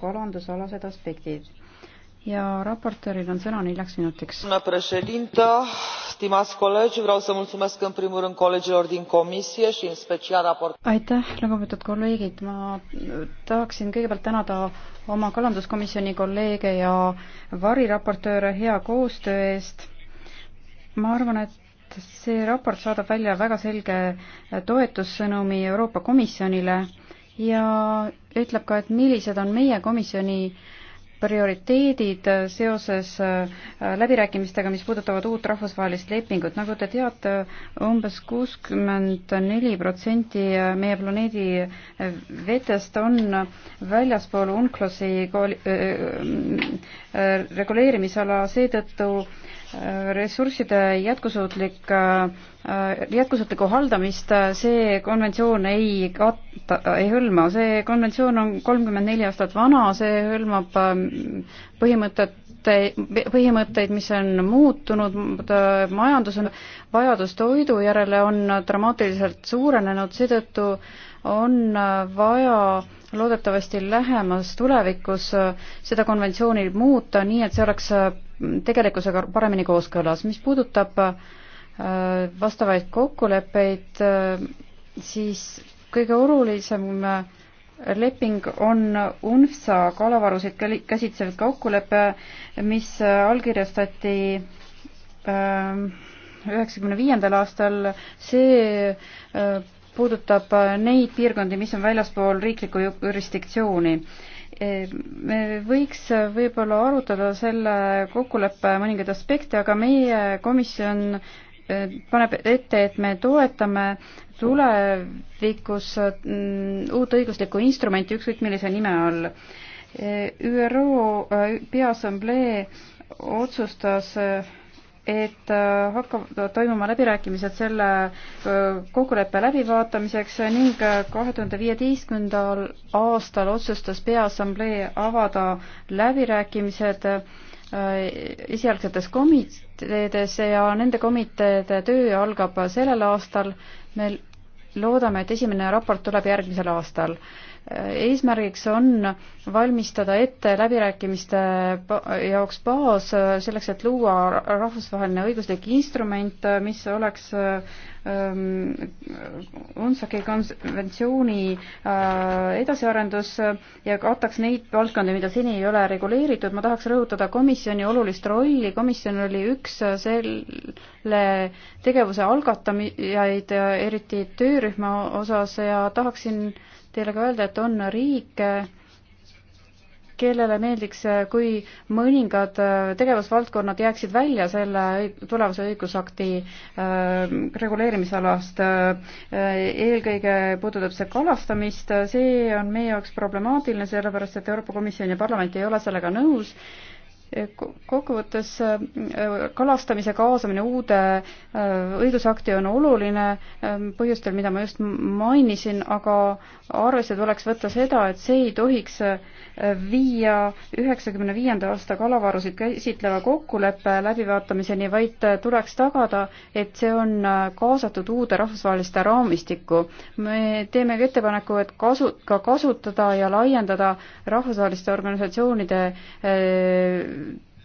kalandusalased aspektid. ja raportööril on sõna neljaks minutiks. aitäh, lugupeetud kolleegid, ma tahaksin kõigepealt tänada oma kalanduskomisjoni kolleege ja variraportööre hea koostöö eest. ma arvan, et see raport saadab välja väga selge toetussõnumi Euroopa Komisjonile ja ütleb ka, et millised on meie komisjoni prioriteedid seoses äh, läbirääkimistega, mis puudutavad uut rahvusvahelist lepingut. nagu te teate umbes, umbes kuuskümmend neli protsenti äh, meie planeedi äh, vetest on väljaspool UNCLOS-i Äh, reguleerimisala seetõttu äh, ressursside jätkusuutlik, äh, jätkusuutlikku haldamist see konventsioon ei katta, ei hõlma. see konventsioon on kolmkümmend neli aastat vana, see hõlmab ähm, põhimõtet mõtte, põhimõtteid, mis on muutunud, majandus on, vajadus toidu järele on dramaatiliselt suurenenud, seetõttu on vaja loodetavasti lähemas tulevikus seda konventsiooni muuta nii, et see oleks tegelikkusega paremini kooskõlas. mis puudutab äh, vastavaid kokkuleppeid, äh, siis kõige olulisem äh, leping on UNFSA kalavarusid käsitsev kokkulepe, mis allkirjastati ähm, üheksakümne viiendal aastal, see äh, puudutab neid piirkondi, mis on väljaspool riiklikku jurisdiktsiooni. Äh, me võiks võib-olla arutada selle kokkuleppe mõningaid aspekte, aga meie komisjon paneb ette, et me toetame tulevikus mm, uut õiguslikku instrumenti ükskõik millise nime all. ÜRO äh, Peaassamblee otsustas et äh, hakkavad toimuma läbirääkimised selle äh, kokkuleppe läbivaatamiseks ning kahe tuhande viieteistkümnendal aastal otsustas Peaassamblee avada läbirääkimised äh, Äh, esialgsetes komiteedes ja nende komiteede töö algab sellel aastal. me loodame, et esimene raport tuleb järgmisel aastal eesmärgiks on valmistada ette läbirääkimiste jaoks baas äh, selleks, et luua rahvusvaheline õiguslik instrument, äh, mis oleks ähm, UNSAC-i konventsiooni äh, edasiarendus ja kataks neid valdkondi, mida seni ei ole reguleeritud. ma tahaks rõhutada komisjoni olulist rolli. komisjon oli üks selle tegevuse algatajaid, eriti töörühma osas ja tahaksin teile ka öelda, et on riike, kellele meeldiks, kui mõningad äh, tegevusvaldkonnad jääksid välja selle tulevase õigusakti äh, reguleerimisalast äh,. eelkõige puudutab see kalastamist, see on meie jaoks problemaatiline, sellepärast et Euroopa Komisjon ja parlament ei ole sellega nõus kokkuvõttes äh, kalastamise kaasamine uude äh, õigusakti on oluline ähm, põhjustel, mida ma just mainisin, aga arvesse tuleks võtta seda, et see ei tohiks äh, viia üheksakümne viienda aasta kalavarusid käsitleva kokkuleppe läbivaatamiseni, vaid tuleks tagada, et see on kaasatud uude rahvusvaheliste raamistikku. me teeme ka ettepaneku, et kasu, ka kasutada ja laiendada rahvusvaheliste organisatsioonide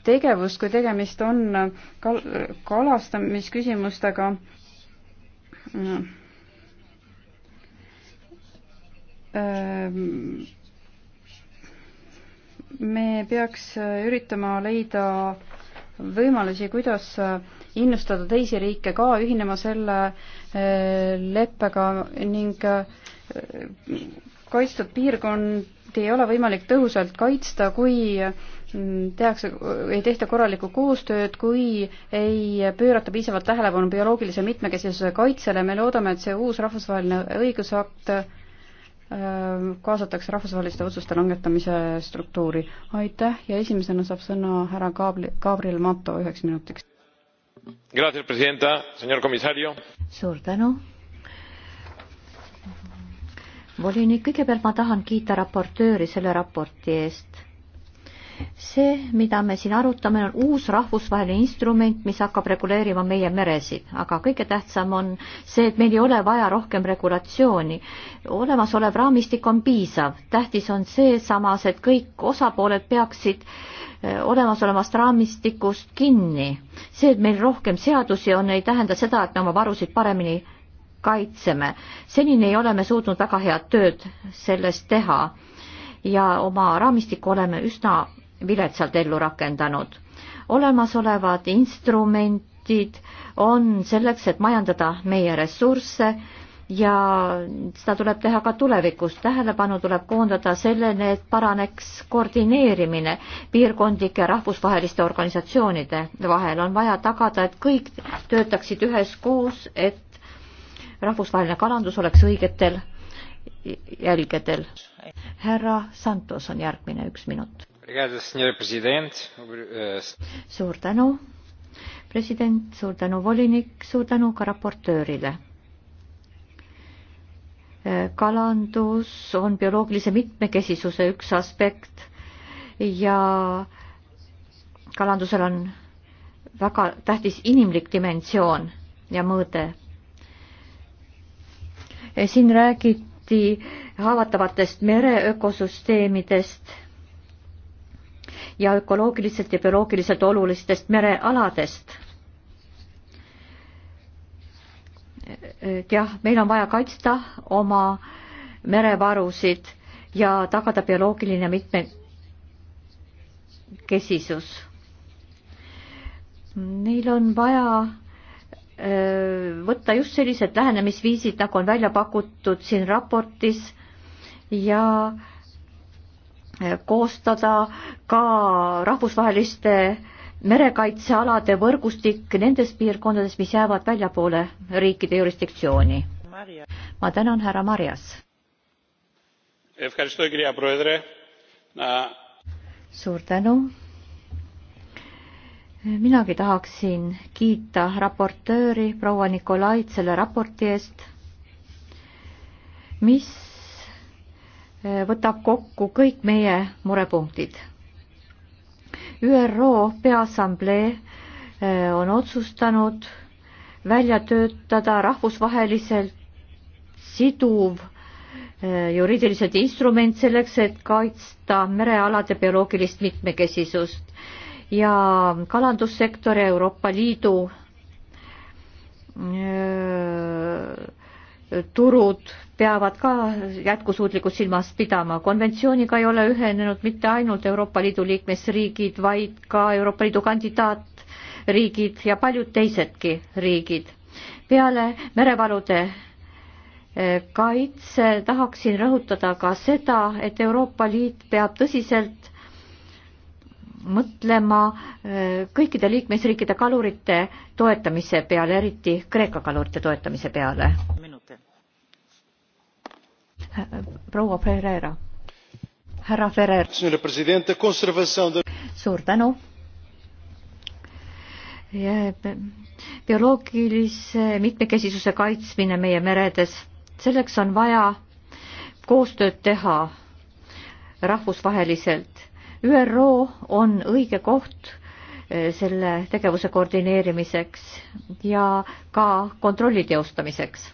tegevust, kui tegemist on kal-, kalastamisküsimustega. Ehm, me peaks üritama leida võimalusi, kuidas innustada teisi riike ka ühinema selle eh, leppega ning eh, kaitstud piirkond ei ole võimalik tõhusalt kaitsta, kui tehakse, ei tehta korralikku koostööd, kui ei pöörata piisavalt tähelepanu bioloogilise mitmekesisuse kaitsele, me loodame, et see uus rahvusvaheline õigusakt äh, kaasatakse rahvusvaheliste otsuste langetamise struktuuri. aitäh ja esimesena saab sõna härra Kaabli, Gabriel Mato üheks minutiks. suur tänu. volinik, kõigepealt ma tahan kiita raportööri selle raporti eest see, mida me siin arutame, on uus rahvusvaheline instrument, mis hakkab reguleerima meie meresid, aga kõige tähtsam on see, et meil ei ole vaja rohkem regulatsiooni. olemasolev raamistik on piisav, tähtis on see samas, et kõik osapooled peaksid eh, olemasolevast raamistikust kinni. see, et meil rohkem seadusi on, ei tähenda seda, et me oma varusid paremini kaitseme. senini ei ole me suutnud väga head tööd selles teha ja oma raamistikku oleme üsna viletsalt ellu rakendanud. olemasolevad instrumentid on selleks, et majandada meie ressursse ja seda tuleb teha ka tulevikus. tähelepanu tuleb koondada sellele, et paraneks koordineerimine piirkondlike ja rahvusvaheliste organisatsioonide vahel. on vaja tagada, et kõik töötaksid üheskoos, et rahvusvaheline kalandus oleks õigetel jälgedel. härra Santos on järgmine, üks minut Eh, suur tänu, president, suur tänu, volinik, suur tänu ka raportöörile eh, kalandus on bioloogilise mitmekesisuse üks aspekt ja kalandusel on väga tähtis inimlik dimensioon ja mõõde. Eh, siin räägiti haavatavatest mereökosüsteemidest ja ökoloogiliselt ja bioloogiliselt olulistest merealadest. et jah, meil on vaja kaitsta oma merevarusid ja tagada bioloogiline mitmekesisus. Neil on vaja võtta just sellised lähenemisviisid, nagu on välja pakutud siin raportis ja äh, koostada ka rahvusvaheliste merekaitsealade võrgustik nendes piirkondades, mis jäävad väljapoole riikide jurisdiktsiooni. ma tänan, härra Marjas. suur tänu. minagi tahaksin kiita raportööri proua Nikolait selle raporti eest, mis võtab kokku kõik meie murepunktid. ÜRO Peaassamblee äh, on otsustanud välja töötada rahvusvaheliselt siduv äh, juriidiliselt instrument selleks, et kaitsta merealade bioloogilist mitmekesisust ja kalandussektori Euroopa Liidu öö, äh, turud peavad ka jätkusuutlikkust silmas pidama. konventsiooniga ei ole ühenenud mitte ainult Euroopa Liidu liikmesriigid, vaid ka Euroopa Liidu kandidaatriigid ja paljud teisedki riigid. peale merevalude eh, kaitse tahaksin rõhutada ka seda, et Euroopa Liit peab tõsiselt mõtlema eh, kõikide liikmesriikide kalurite toetamise peale, eriti Kreeka kalurite toetamise peale. Äh, proua Ferreira. härra Ferrer. suur tänu. bioloogilise mitmekesisuse kaitsmine meie meredes, selleks on vaja koostööd teha rahvusvaheliselt. ÜRO on õige koht äh, selle tegevuse koordineerimiseks ja ka kontrolli teostamiseks.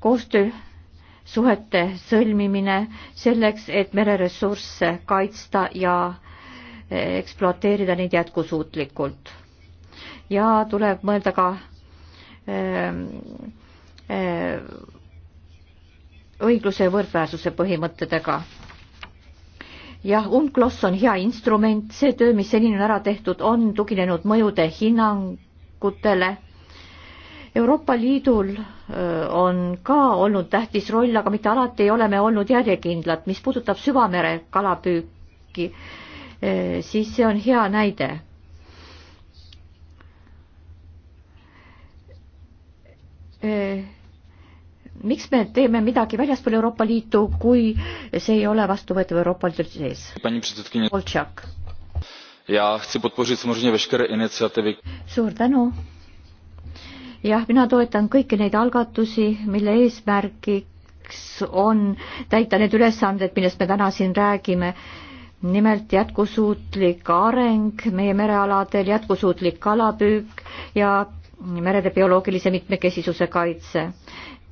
koostöö suhete sõlmimine selleks, et mereressursse kaitsta ja eh, ekspluateerida neid jätkusuutlikult. ja tuleb mõelda ka ehm, eh, õigluse ja võrdväärsuse põhimõttedega. jah, UMCLOS on hea instrument, see töö, mis senini on ära tehtud, on tuginenud mõjude hinnangutele Euroopa Liidul on ka olnud tähtis roll, aga mitte alati ei ole me olnud järjekindlad. mis puudutab süvamere kalapüüki, siis see on hea näide. miks me teeme midagi väljaspool Euroopa Liitu, kui see ei ole vastuvõetav Euroopa Liidu sees? Poltšak. suur tänu jah, mina toetan kõiki neid algatusi, mille eesmärgiks on täita need ülesanded, millest me täna siin räägime. nimelt jätkusuutlik areng meie merealadel, jätkusuutlik kalapüük ja merede bioloogilise mitmekesisuse kaitse.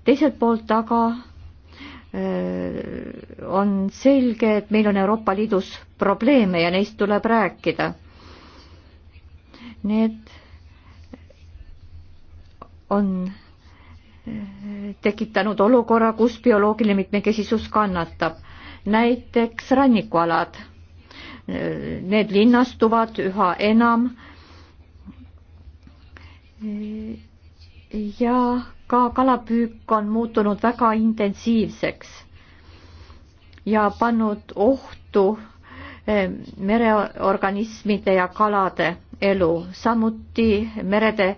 teiselt poolt aga on selge, et meil on Euroopa Liidus probleeme ja neist tuleb rääkida. Need on tekitanud olukorra, kus bioloogiline mitmekesisus kannatab. näiteks rannikualad, need linnastuvad üha enam. ja ka kalapüük on muutunud väga intensiivseks ja pannud ohtu eh, mereorganismide ja kalade elu, samuti merede äh,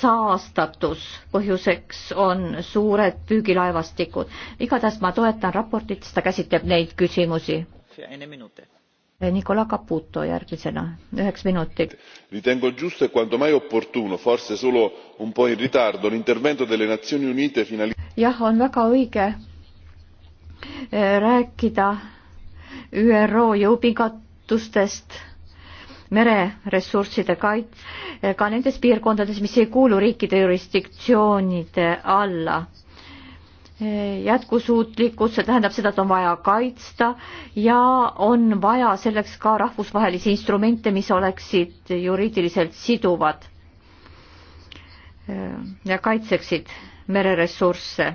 saastatus, põhjuseks on suured püügilaevastikud. igatahes ma toetan raportit, sest ta käsitleb neid küsimusi. Eh, Nicola Caputo järgmisena üheks minutiks. Ritengo giusto e quanto mai opportuno, forse solo un po' in ritardo, l'intervento delle Nazioni Unite finali-. jah, on väga õige eh, rääkida ÜRO jõupingutustest mereressursside kaits-, eh, ka nendes piirkondades, mis ei kuulu riikide jurisdiktsioonide alla. Eh, jätkusuutlikkus, see tähendab seda, et on vaja kaitsta ja on vaja selleks ka rahvusvahelisi instrumente, mis oleksid juriidiliselt siduvad eh, ja kaitseksid mereressursse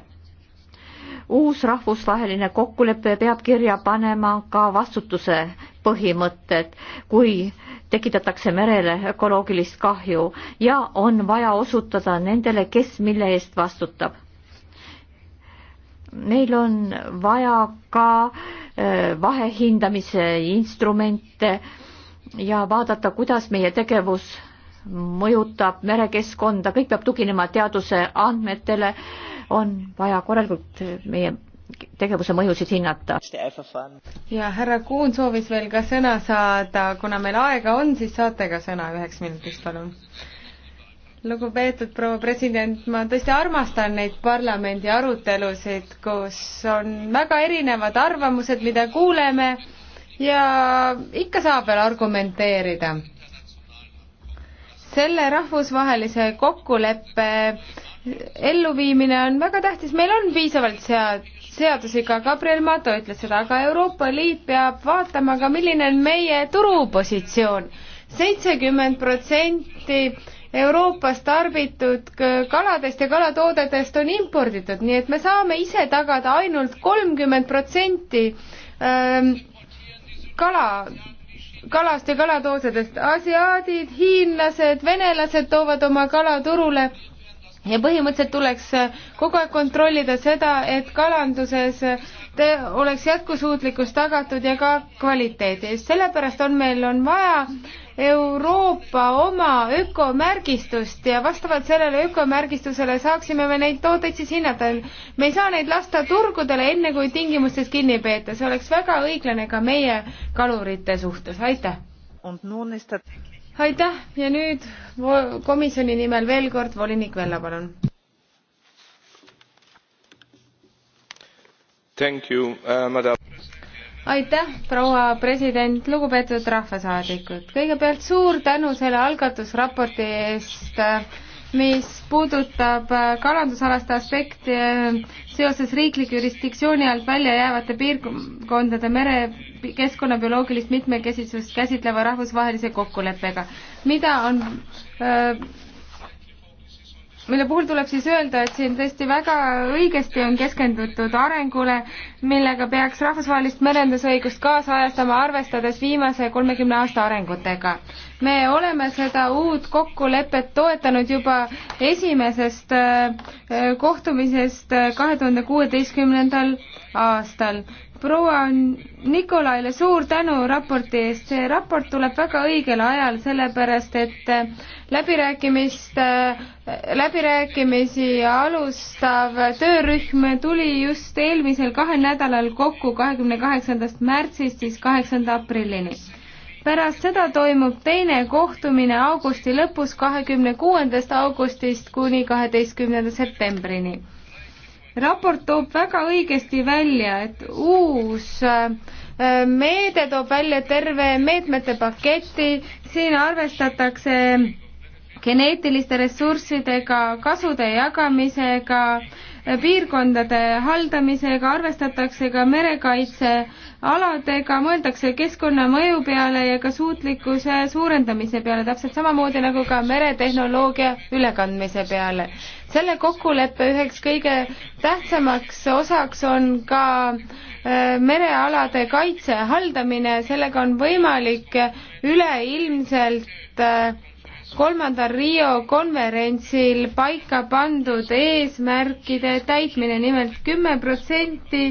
uus rahvusvaheline kokkulepe peab kirja panema ka vastutuse põhimõtted, kui tekitatakse merele ökoloogilist kahju ja on vaja osutada nendele, kes mille eest vastutab. meil on vaja ka äh, vahehindamise instrumente ja vaadata, kuidas meie tegevus mõjutab merekeskkonda, kõik peab tuginema teaduse andmetele, on vaja korralikult meie tegevuse mõjusid hinnata. ja härra Kuhn soovis veel ka sõna saada, kuna meil aega on, siis saate ka sõna üheks minutiks, palun. lugupeetud proua president, ma tõesti armastan neid parlamendi arutelusid, kus on väga erinevad arvamused, mida kuuleme ja ikka saab veel argumenteerida. selle rahvusvahelise kokkuleppe elluviimine on väga tähtis, meil on piisavalt sead-, seadusega, Gabriel Mato ütles seda, aga Euroopa Liit peab vaatama ka, milline on meie turupositsioon. seitsekümmend protsenti Euroopas tarbitud kaladest ja kalatoodetest on imporditud, nii et me saame ise tagada ainult kolmkümmend protsenti ähm, kala, kalast ja kalatoodetest. asiaadid, hiinlased, venelased toovad oma kala turule ja põhimõtteliselt tuleks äh, kogu aeg kontrollida seda, et kalanduses äh, te oleks jätkusuutlikkus tagatud ja ka kvaliteedi eest, sellepärast on meil on vaja Euroopa oma ökomärgistust ja vastavalt sellele ökomärgistusele saaksime me neid tooteid siis hinnata. me ei saa neid lasta turgudele enne, kui tingimustest kinni peeta, see oleks väga õiglane ka meie kalurite suhtes, aitäh! aitäh ja nüüd komisjoni nimel veel kord volinik Vella, palun. Uh, aitäh, proua president, lugupeetud rahvasaadikud, kõigepealt suur tänu selle algatusraporti eest mis puudutab äh, kalandusalaste aspekti äh, seoses riikliku jurisdiktsiooni alt välja jäävate piirkondade merekeskkonna bioloogilist mitmekesisust käsitleva rahvusvahelise kokkuleppega, mida on äh, mille puhul tuleb siis öelda, et siin tõesti väga õigesti on keskendutud arengule, millega peaks rahvusvahelist merendusõigust kaasajastama, arvestades viimase kolmekümne aasta arengutega me oleme seda uut kokkulepet toetanud juba esimesest äh, äh, kohtumisest äh, kahe tuhande kuueteistkümnendal aastal. proua Nikolaile suur tänu raporti eest, see raport tuleb väga õigel ajal, sellepärast et läbirääkimist, läbirääkimisi alustav töörühm tuli just eelmisel kahel nädalal kokku kahekümne kaheksandast märtsist siis kaheksanda aprillini pärast seda toimub teine kohtumine augusti lõpus, kahekümne kuuendast augustist kuni kaheteistkümnenda septembrini. raport toob väga õigesti välja, et uus äh, meede toob välja terve meetmete paketi, siin arvestatakse geneetiliste ressurssidega, kasude jagamisega, piirkondade haldamisega, arvestatakse ka merekaitsealadega, mõeldakse keskkonnamõju peale ja ka suutlikkuse suurendamise peale, täpselt samamoodi nagu ka meretehnoloogia ülekandmise peale. selle kokkuleppe üheks kõige tähtsamaks osaks on ka äh, merealade kaitse haldamine, sellega on võimalik üleilmselt äh, kolmandal Rio konverentsil paika pandud eesmärkide täitmine nimelt, nimelt kümme protsenti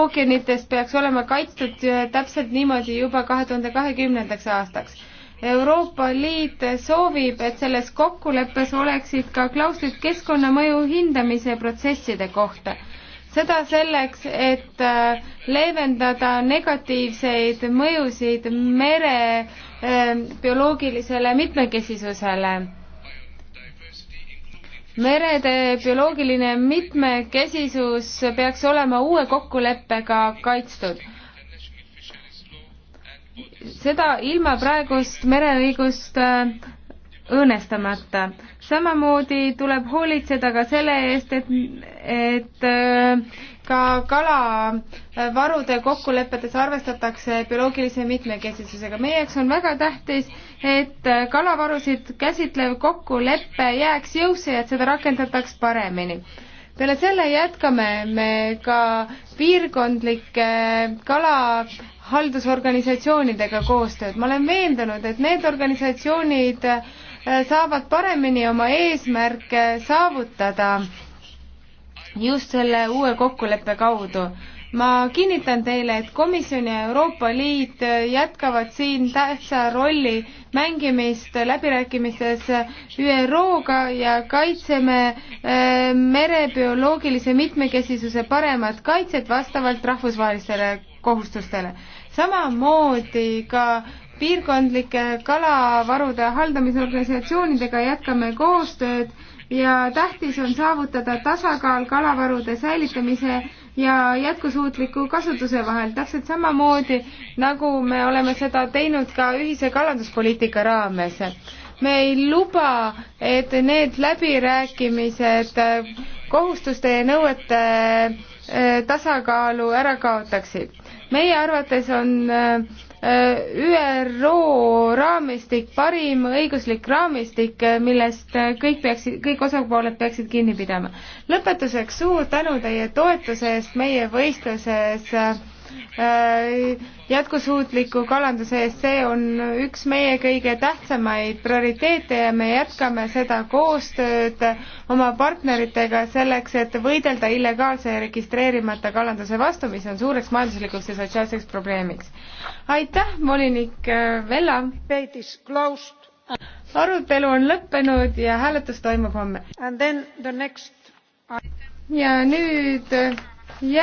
ookeanitest peaks olema kaitstud eh, täpselt niimoodi juba kahe tuhande kahekümnendaks aastaks. Euroopa Liit soovib, et selles kokkuleppes oleksid ka klauslid keskkonnamõju hindamise protsesside kohta seda selleks, et äh, leevendada negatiivseid mõjusid mere äh, bioloogilisele mitmekesisusele. merede bioloogiline mitmekesisus peaks olema uue kokkuleppega kaitstud. seda ilma praegust mereõigust äh, õõnestamata. samamoodi tuleb hoolitseda ka selle eest, et, et äh, ka kalavarude kokkulepetes arvestatakse bioloogilise mitmekesisusega. meie jaoks on väga tähtis, et kalavarusid käsitlev kokkulepe jääks jõusse ja et seda rakendataks paremini peale selle jätkame me ka piirkondlike kalahaldusorganisatsioonidega koostööd. ma olen veendunud, et need organisatsioonid Äh, saavad paremini oma eesmärke saavutada just selle uue kokkuleppe kaudu. ma kinnitan teile, et Komisjon ja Euroopa Liit jätkavad siin tähtsa rolli mängimist läbirääkimistes ÜRO-ga ja kaitseme äh, merebioloogilise mitmekesisuse paremat kaitset vastavalt rahvusvahelistele kohustustele. samamoodi ka piirkondlike kalavarude haldamisorganisatsioonidega jätkame koostööd ja tähtis on saavutada tasakaal kalavarude säilitamise ja jätkusuutliku kasutuse vahel, täpselt samamoodi nagu me oleme seda teinud ka ühise kalanduspoliitika raames. me ei luba, et need läbirääkimised kohustuste ja nõuete eh, tasakaalu ära kaotaksid. meie arvates on eh, ÜRO raamistik, parim õiguslik raamistik, millest kõik peaksid, kõik osapooled peaksid kinni pidama. lõpetuseks suur tänu teie toetuse eest meie võistluses Äh, jätkusuutliku kalanduse eest, see on üks meie kõige tähtsamaid prioriteete ja me jätkame seda koostööd oma partneritega selleks, et võidelda illegaalse ja registreerimata kalanduse vastu, mis on suureks majanduslikuks ja sotsiaalseks probleemiks. aitäh, volinik äh, Vella! arutelu on lõppenud ja hääletus toimub homme. ja nüüd